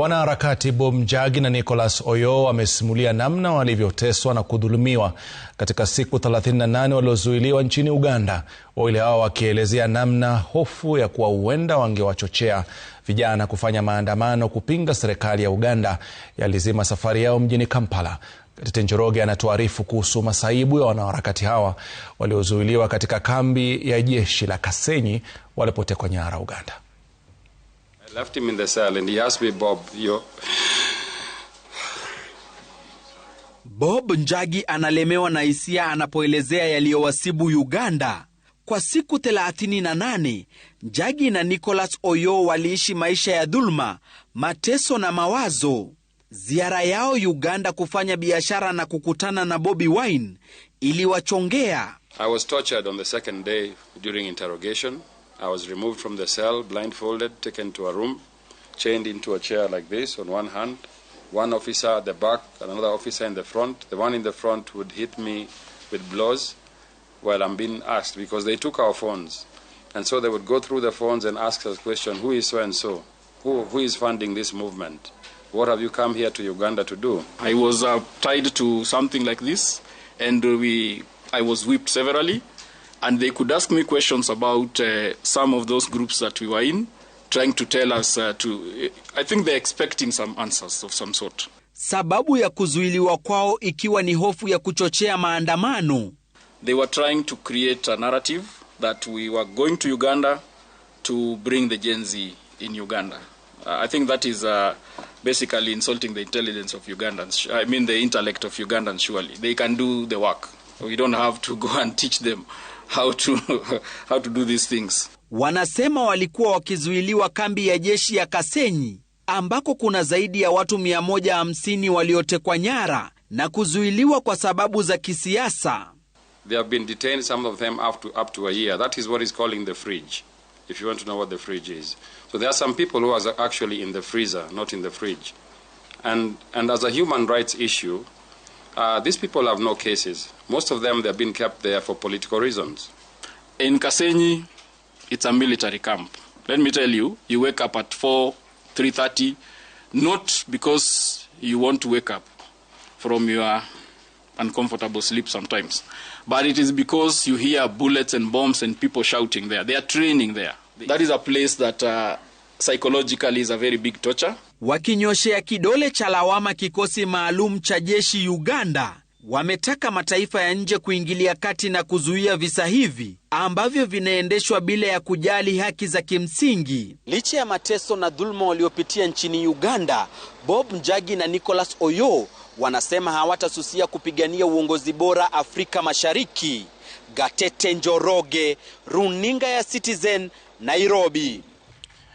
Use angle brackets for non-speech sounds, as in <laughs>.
Wanaharakati Bob Njagi na Nicholas Oyoo wamesimulia namna walivyoteswa na kudhulumiwa katika siku 38 waliozuiliwa nchini Uganda, wawili hao wakielezea namna hofu ya kuwa huenda wangewachochea vijana kufanya maandamano kupinga serikali ya Uganda yalizima safari yao mjini Kampala. Gatete Njoroge anatuarifu kuhusu masaibu ya wanaharakati hawa waliozuiliwa katika kambi ya jeshi la Kasenyi walipotekwa nyara Uganda. I left him in the cell and he asked me, Bob, you Bob Njagi analemewa na hisia anapoelezea yaliyowasibu Uganda. Kwa siku 38 Njagi na Nicholas Oyo waliishi maisha ya dhuluma, mateso na mawazo. Ziara yao Uganda kufanya biashara na kukutana na Bobi Wine iliwachongea. I was tortured on the second day during interrogation. I was removed from the cell, blindfolded, taken to a room, chained into a chair like this on one hand, one officer at the back, another officer in the front. The one in the front would hit me with blows while I'm being asked because they took our phones. And so they would go through the phones and ask us question, who is so and so? Who, who is funding this movement? What have you come here to Uganda to do? I was uh, tied to something like this, and we, I was whipped severally. and they could ask me questions about uh, some of those groups that we were in, trying to tell us uh, to. I think they're expecting some answers of some sort. Sababu ya kuzuiliwa kwao ikiwa ni hofu ya kuchochea maandamano. They were trying to create a narrative that we were going to Uganda to bring the Gen Z in Uganda. Uh, I think that is uh, basically insulting the intelligence of Ugandans. I mean, the intellect of Ugandans, surely. They can do the work. We don't have to <laughs> go and teach them how to, <laughs> how to do these things. Wanasema walikuwa wakizuiliwa kambi ya jeshi ya Kasenyi ambako kuna zaidi ya watu 150 waliotekwa nyara na kuzuiliwa kwa sababu za kisiasa. They have been detained some of them up to, up to a year. That is what is calling the fridge. If you want to know what the fridge is. So there are some people who are actually in the freezer, not in the fridge. And, and as a human rights issue, Uh, these people have no cases. Most of them, they've been kept there for political reasons. In Kasenyi, it's a military camp. Let me tell you, you wake up at 4, 3.30, not because you want to wake up from your uncomfortable sleep sometimes, but it is because you hear bullets and bombs and people shouting there. They are training there. That is a place that... Uh, psychologically is a very big torture. Wakinyoshea kidole cha lawama kikosi maalum cha jeshi Uganda, wametaka mataifa ya nje kuingilia kati na kuzuia visa hivi ambavyo vinaendeshwa bila ya kujali haki za kimsingi. Licha ya mateso na dhuluma waliopitia nchini Uganda, Bob Njagi na Nicholas Oyo wanasema hawatasusia kupigania uongozi bora Afrika Mashariki. Gatete Njoroge, runinga ya Citizen, Nairobi.